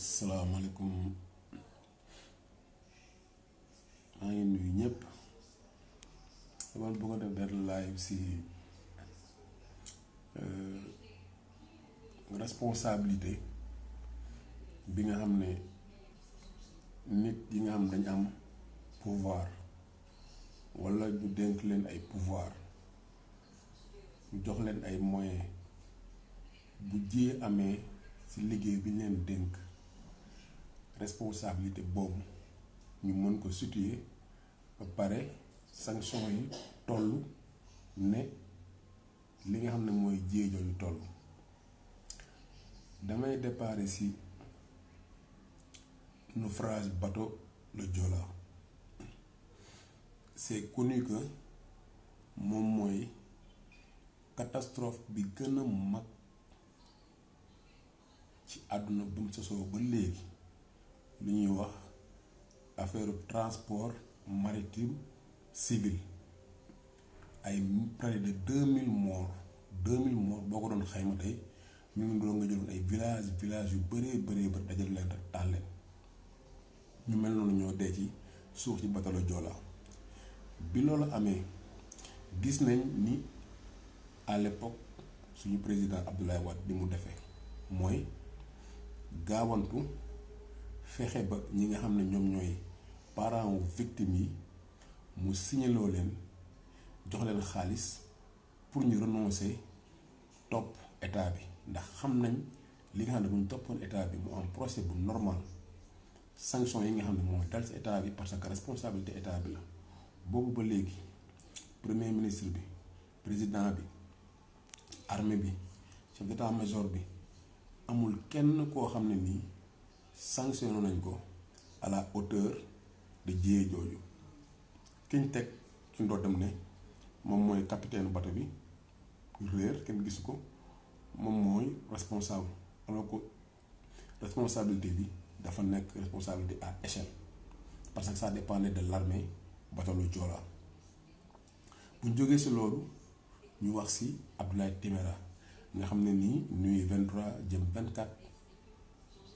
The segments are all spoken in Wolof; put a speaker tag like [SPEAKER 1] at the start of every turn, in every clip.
[SPEAKER 1] salaamaaleykum maa ngi nuyu ñëpp dama bëgg a def benn live si euh, responsabilité bi nga xam ne nit yi nga xam dañ am pouvoir walla ñu dénk leen ay pouvoir ñu jox leen ay moyens bu jiyee amee ci liggéey bi ñu dénk responsabilité bon ñu mën ko situer ba pare sanction yi tollu ne li nga xamné moy mooy jéego yu toll damay déparé ci phrase bateau le djola c'est connu que mon moy catastrophe bi gëna a mag ci aduna bu mu ba légui fait ñuy wax affaire transport maritime civil ay près de 2000 morts 2000 morts boo ko doon xayma tey des ngi doon nga jëloon ay village villages yu bëree bëree ba dajal leen rek ñu mel noonu ñoo dee ci bi gis nañ ni à l'époque suñu président Abdoulaye Wade bi mu defee mooy gaawantu fexe ba ñi nga xam ne ñoom ñooy parents wu victime yi mu signaloo leen jox leen xaalis pour ñu renoncer topp état bi ndax xam nañ li nga xam ne bu toppoon état bi mu am procès bu normal sanction yi nga xam ne mooy dal si état bi parce que responsabilité état bi la boobu ba léegi premier ministre bi président bi armée bi chef d'état-major bi amul kenn koo xam ne nii sanctionné nañ ko à la hauteur de jiyee jooju kiñ ñu teg ci ndoddam ne moom mooy capitaine bateau bi réer kenn gis ko moom mooy responsable alors que responsabilité bi dafa nekk responsabilité à échelle parce que ça dépendait de l'armée bateau lu Joola bu ñu jógee si loolu ñu wax si Abdoulaye Timéra nga xam ne nii nuy 23 jëm 24.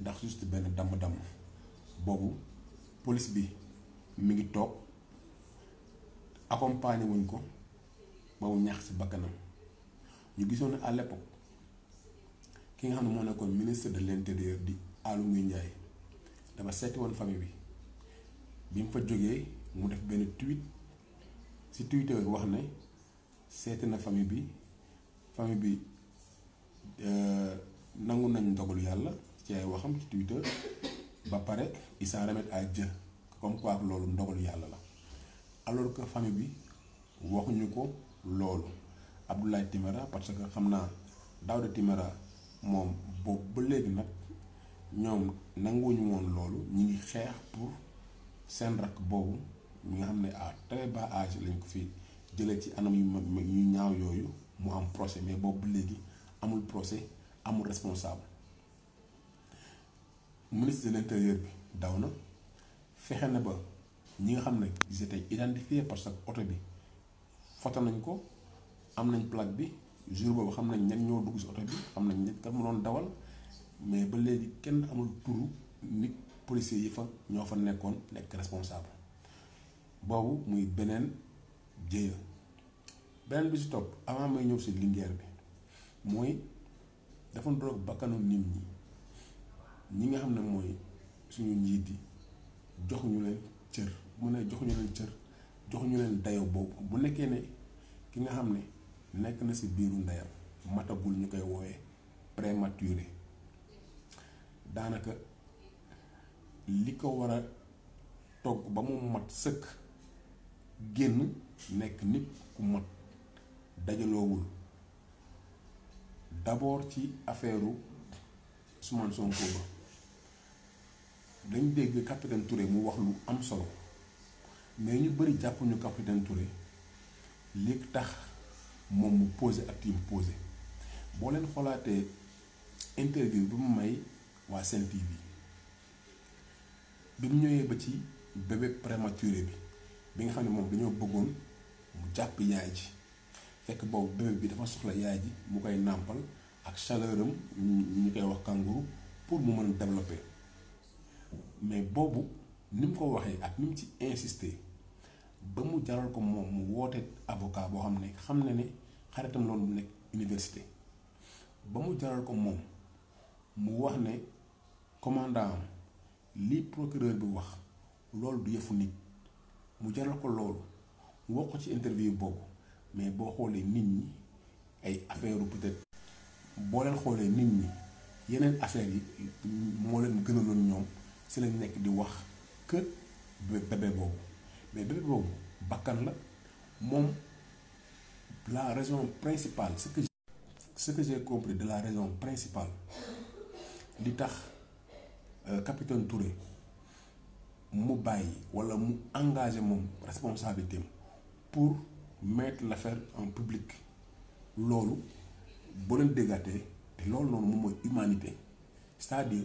[SPEAKER 1] ndax juste benn damm-damm boobu police bi mi ngi toog accompagner wuñ ko ba mu ñax si bakkanam ñu gisoon à l'époque ki nga xam ne moo nekkoon ministre de l'intérieur di Aly Ngouille Ndiaye dama seeti woon famille bi bi mu fa jógee mu def benn tweet ci Twitter wax ne seeti na famille bi famille bi euh, nangu nañ ndogalu yàlla ci ay waxam ci Twitter ba pare il s'en remet à Dieu comme quoi ak loolu ndogalu yàlla la alors que famille bi waxuñu ko loolu Abdoulaye Timéra parce que xam naa Daouda Timéra moom boobu ba léegi nag ñoom nanguwuñu woon loolu ñu ngi xeex pour seen rakk boobu mi nga xam ne à très bas âge lañ ko fi jëlee ci anam yu mag yu ñaaw yooyu mu am procès mais boobu ba léegi amul procès amul responsable. ministre de l'intérieur bi daw na fexe na ba ñi nga xam ne ils étaient identifiés parce que oto bi foto nañ ko am nañ plaque bi jour boobu xam nañ ñan ñoo dugg si oto bi xam nañ ñan kan mu dawal mais ba léegi kenn amul turu nit policiers yi fa ñoo fa nekkoon nekk responsable boobu muy beneen jéeya beneen bi si topp avant may ñëw si Linguère bi mooy dafa ndoroog bakkanu nit ñi ñi nga xam ne mooy suñu njiit yi joxuñu leen cër mu ne joxuñu leen cër ñu leen dayo boobu bu nekkee ne ki nga xam ne nekk na si biiru ndeyam matagul ñu koy wooyee prématuré daanaka li ko war a togg ba mu mat sëkk génn nekk nit ku mat dajaloowul d'abord ci affaire Ousmane Sonko ba dañ dégg capitaine Touré mu wax lu am solo mais ñu bëri jàppuñu capitaine Touré li tax moom mu posé ak yi mu boo leen xoolaatee interview bi mu may waa Sen TV bi mu ñëwee ba ci bébé prématuré bi bi nga xam ne moom dañoo bëggoon mu jàpp yaay ji fekk boobu bébé bi dafa soxla yaay ji mu koy nàmpal ak chaleur am ñu koy wax kanguru pour mu mën a développer. mais boobu ni mu ko waxee ak ni mu ci insisté ba mu jaral ko moom mu woote avocat boo xam ne xam na ne xaritam loolu bu nekk université ba mu jaral ko moom mu wax ne commandant am li procureur bi wax loolu du yëfu nit mu jaral ko loolu mu wax ko ci interview boobu mais boo xoolee nit ñi ay affaire peut boo leen xoolee nit ñi yeneen affaires yi moo leen gënaloon ñoom. c'est le nekk di wax que bébé boobu mais bébé boobu bakkan la mon la raison principale ce que ce que j'ai compris de la raison principale li tax euh, capitaine Touré mu ou walla mu engagé moom responsabilité pour mettre l'affaire en public loolu boo leen déggatee te loolu noonu moom humanité c'est-à-dire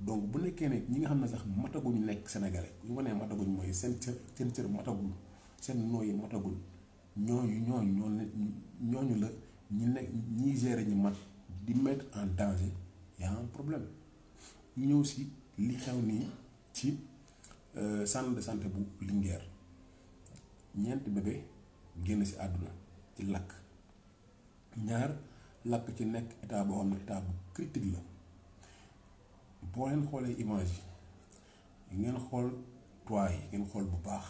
[SPEAKER 1] donc bu nekkee ne ñi nga xam ne sax mataguñ nekk sénégalais ñu des gens mataguñ mooy seen cër seen cër des seen nooyi sont ñooñu ñooñu ñoo ñooñu la ñi ñi mat di mettre en danger y a un problème ñëw si li xew ci euh, centre de santé bu Linguère bébé génn si àdduna ci lakk ñaar lakk ci nekk état boo xam état critique la boo leen xoolee image yi ngeen xool toit yi ngeen xool bu baax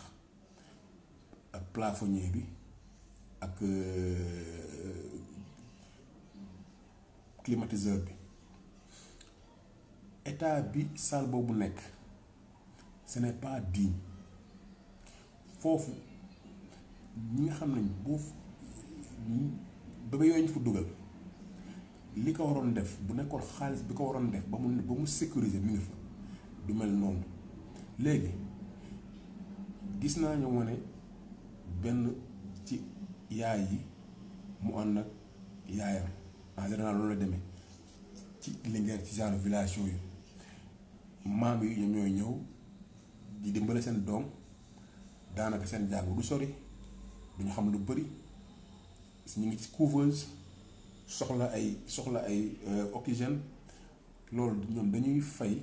[SPEAKER 1] ak plafonnier bi ak euh, climatiseur bi état bi salle boobu nekk ce n'est pas digne foofu ñi nga xam ne boo ba ba yooyu ñu fa dugal li ko waroon def bu nekkoon xaalis bi ko waroon def ba mu ba mu sécuriser mi ngi fa du mel noonu léegi gis naa ñu wane benn ci yaay yi mu ànd ak yaayam en général loolu la demee ci Linguère ci genre village yooyu maam yi ñoom ñooy ñëw di dimbale seen doom daanaka seen jàng du sori duñu xam lu bëri ñu ngi ci couveuse soxla ay soxla ay euh, oxygène loolu ñoom dañuy fay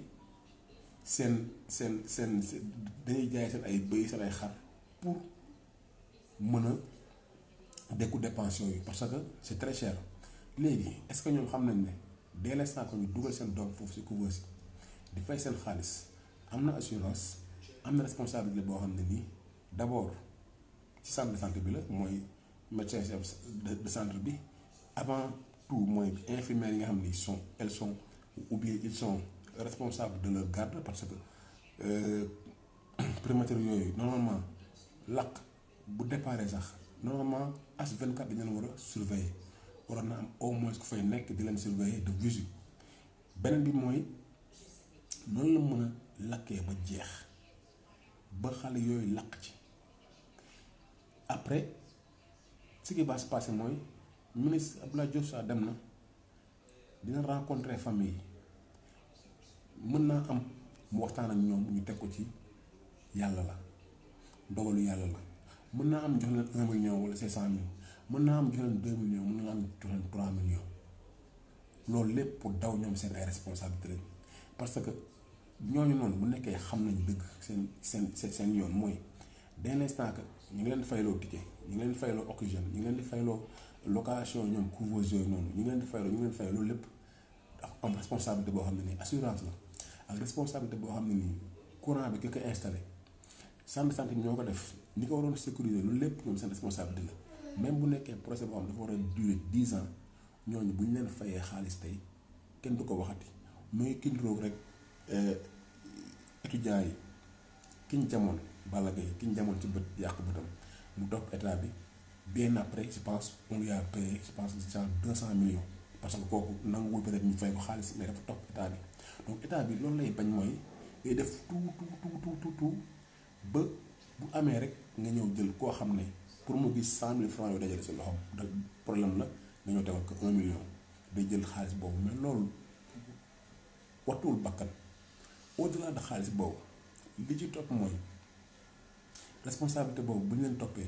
[SPEAKER 1] seen seen dañuy pour mën a dékku dépense parce que c'est très cher est-ce que ñoom xam nañ ne dès des que ñu dugal seen doom foofu si couveuse si di fay seen xaalis am assurance am na responsabilité d'abord ci de santé bi la médecin chef de centre bi avant tout moins infirmières yi nga sont elles sont ou bien ils sont responsables de leur garde parce que euh, prématurés normalement l'acte bu déparé sax normalement as 24 dañu wara a surveiller waroon na am au moins ko fay nek di len surveiller de visu benen bi moy non la mën a lakkee ba jeex ba xal yoy laq ci après ce qui va se passer moy ministre Abdoulaye Diouf saa dem na dina rencontre famille yi mën naa am mu waxtaan ak ñoom ñu teg ko ci yàlla la dogalu yàlla la mën naa am jox leen un million wala cinq mën naa am jox leen deux millions mën naa am jox leen loolu lépp pour daw ñoom seen ay responsabilité lañ parce que ñoo ñooñu noonu bu nekkee xam nañu dëkk seen seen seen yoon mooy dès l'instant que ñu ngi leen di fayloo ticket ñu ngi leen di fayloo oxygène ñu ngi leen di fayloo location ñoom couveuse yooyu noonu ñu ngeen leen ñu ngi loolu lépp dafa am responsabilité boo xam ne nii assurance la ak responsabilité boo xam ne nii courant bi ki ko installé centre sant bi ñoo ko def ni ko waroon sécuriser loolu lépp ñoom seen responsabilité la même bu nekkee projet boo xam dafa war a durer dix ans ñooñu bu ñu leen fayee xaalis tey kenn du ko waxati muy kin roog rek euh, étudiants yi kiñ jamoon bala gay kiñ jamoon ci bët yàqu bëtam mu topp état bi. bien après je pense on lui pense genre deux cent millions parce que kooku nanguwul peut-être ñu fay xaalis mais dafa topp état bi donc état bi loolu lay bañ mooy day def tu tout tu tout tout ba bu amee rek nga ñëw jël koo xam ne pour mu gis cent mille yooyu dajale si loxo da problème la nga ñëw tegal ko un million day jël xaalis boobu mais loolu wattuwul bakkan au-delà xaalis boobu li ci topp mooy responsabilité boobu bu ñu leen toppee.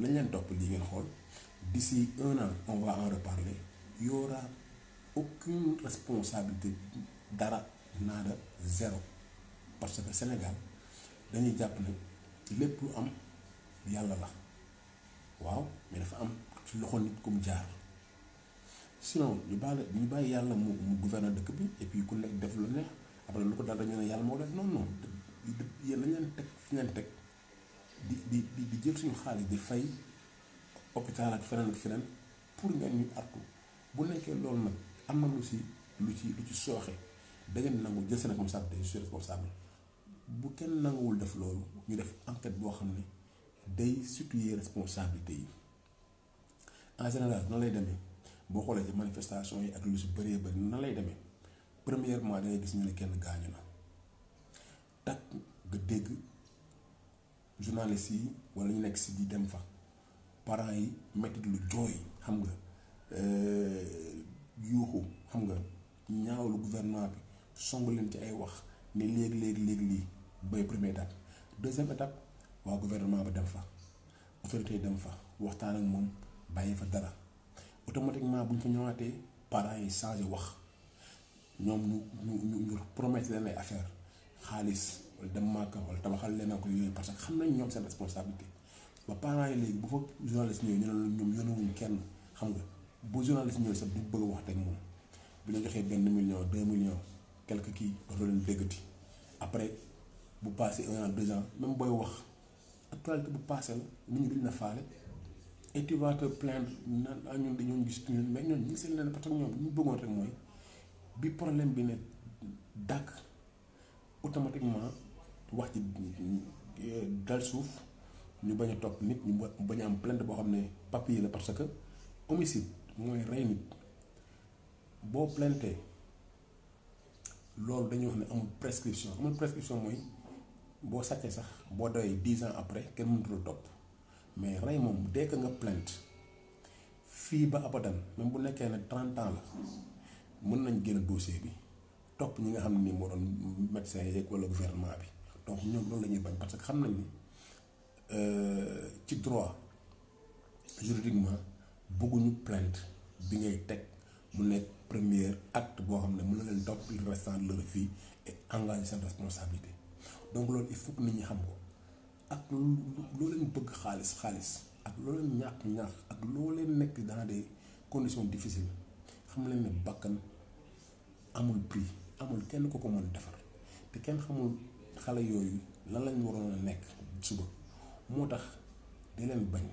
[SPEAKER 1] nañ leen topp li ngeen xool d'ici un an on va en reparler y aura aucune responsabilité dara naada zéro parce que Sénégal dañuy jàpp ne lépp lu am yàlla la waaw mais dafa am ci loxo nit ku jaar sinon ñu bàyyi ñu bàyyi yàlla mu mu gouverneur dëkk bi et puis ku nekk def lu neex après lu ko dal dañu ne yàlla moo def non non yéen lañ leen teg fi ngeen teg. di di di jël suñu xaalis di fay hôpital ak feneen ak feneen pour ngeen ñu artu bu nekkee loolu nag am na lu si lu ci lu ci sooxe da ngeen nangu jël seen responsabilité je suis responsable bu kenn nanguwul def loolu ñu def enquête boo xam ne day situer responsabilité yi en général nan lay demee boo xoolee ci manifestation yi ak lu si bëree bëri nan lay demee premièrement da ngay gis ñu ne kenn gaañu na takk nga dégg. journaliste yi wala ñu nekk si di dem fa parents yi mettit lu jooy xam nga euh, yuuxu xam nga ñaawlu gouvernement bi song leen ci ay wax ni léegi léegi léegi lii bay première étape deuxième étape waa gouvernement ba dem fa autorité dem fa waxtaan ak moom bàyyi fa dara automatiquement bu ñu fa ñëwaatee parents yi changé wax ñoom ñu ñu ñu promettre leen ay affaire xaalis wala dem wala parce que responsabilité ba parents yi bu journaliste ñu kenn xam nga journaliste million deux millions quelque qui dootoo leen après vous passé un an deux ans même booy wax actualité bu passé la nit ñi avez et tu vas te plaindre ah, gis mais ñu problème bi automatiquement. wax ci dal suuf ñu bañ a topp nit ñu bañ am plainte boo xam ne papier la parce que homicide mooy rey nit boo plainte loolu dañuy wax ne amul prescription amul prescription mooy boo sàccee sax boo doyee dix an après kenn mënut la topp mais rey moom dès que nga plainte fii ba abadan même bu nekkee ne trente ans la mën nañ génn dossier bi topp ñi nga xam ne nii moo doon médecin yeeg wala gouvernement bi. donc ñoom sommes la parce que xam nañ euh, droit juridiquement plainte bi ngay mu premier acte de leur vie et engager sa responsabilité donc il faut que nit ñi xam ko ak bëgg ak dans des conditions difficiles xam bakkan amul prix amul kenn ko ko xale yooyu lan lañ waroon a nekk suba moo tax di leen bañ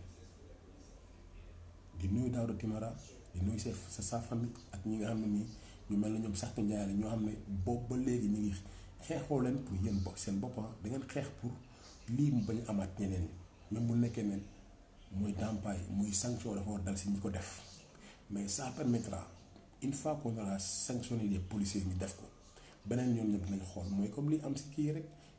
[SPEAKER 1] di nuyu Daouda Timara di nuyu sa sa sa famille ak ñi nga xam ne nii ñu mel na ñoom sax njaay la ñoo xam ne boobu ba léegi ñu ngi xeexoo leen pour yéen bopp seen bopp ah. da ngeen xeex pour lii mu bañ amaat ñeneen même bu nekkee ne muy dàmpaay muy sanction dafa war dal si ñi ko def mais ça permettra une fois qu'on aura sanctionné les policiers ñu def ko beneen ñoom ñoom dinañ xool mooy comme li am si kii rek.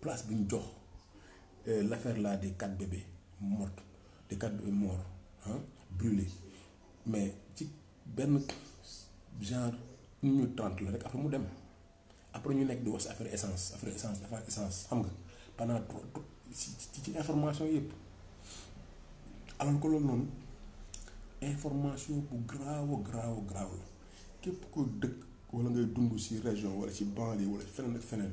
[SPEAKER 1] place euh, l'affaire là des quatre bébés morts des quatre bébés morts hein, brûlés mais ci ben genre nous minute rek après mu dem après ñu nek di wax affaire essence après essence affaire essence xam nga pendant ci ci information yépp alors que loolu non information bu grave ko dëkk wala ngay dund si région wala ci banlieue wala feneen ak feneen.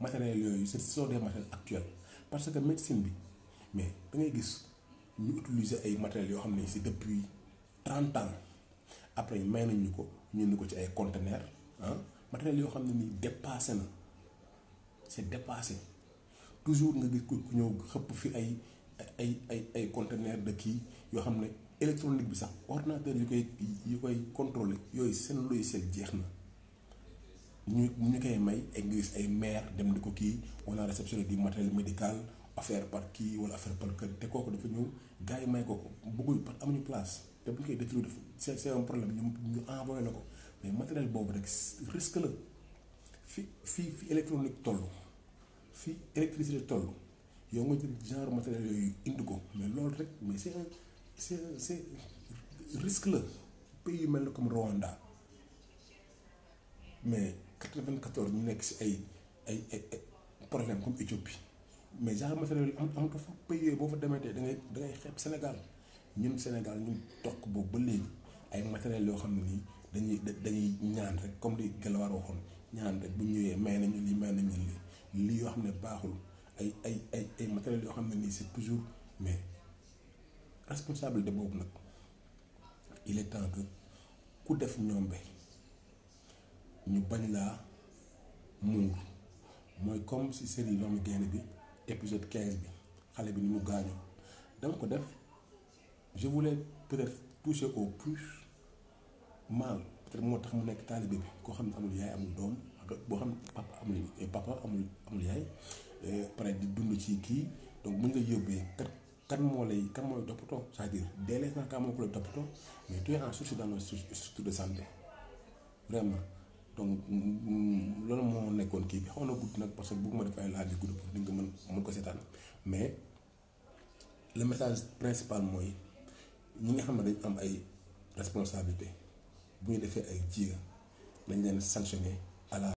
[SPEAKER 1] matériels yooyu ce sont des matériels actuels parce que médecine bi mais da ngay gis ñu utiliser ay matériels yoo xam ne si depuis 30 ans après may nañ ko ñu ni ko ci ay conteneurs ah hein, matériel yoo xam ne nii dépassé na c'est dépassé toujours nga gis ku ñëw xëpp fi ay ay ay ay conteneurs de kii yoo xam ne électronique bi sax ordinateur yu koy yu koy contrôler yooyu seen logiciel jeex na ñu ñu koy may église ay maire dem di ko kii wala réceptionné du matériel médical affaire par kii wala affaire par kër te kooku dafa ñëw gars yi may ko ko bëggul parce amuñu place te bu ñu koy détruire dafa c'est un problème ñu ñu envoyé la ko mais matériel boobu rek risque la fi fi fi électronique toll fi électricité toll yow nga jël genre matériel yooyu indi ko mais loolu rek mais c'est c'est c'est risque la pays yu mel comme Rwanda mais. 94 ñu nekk si ay ay ay problème comme Éthiopie mais genre matériel am en fa pays yooyu boo fa demee tey da ngay da ngay xeeb Sénégal ñun Sénégal ñu toog boobu ba léegi ay matériel yoo xam ne nii dañuy dañuy ñaan rek comme li Galawaar waxoon ñaan rek bu ñëwee may nañu lii may nañu lii lii yoo xam ne baaxul ay ay ay ay matériel yoo xam ne nii c'est toujours mais responsabilité boobu nag il est temps que ku def ñoom be nous la comme si série l'épisode épisode 15 bi je voulais peut-être toucher au plus mal peut-être tax bi ko xam amul papa amul eh, papa amul eh, donc kan kan c'est-à-dire dès l'instant quand mo ko mais tu es en souci dans notre structure de santé vraiment donc mm, mm, loolu moo nekkoon kii bi xaw na gudd nag parce que bëgguma def ay laaj yu gudd pour nga mën mën ko seetaan mais le message principal mooy ñi nga xam ne dañ am ay responsabilité bu ñu defee ay jiya dañ leen sanctionné à la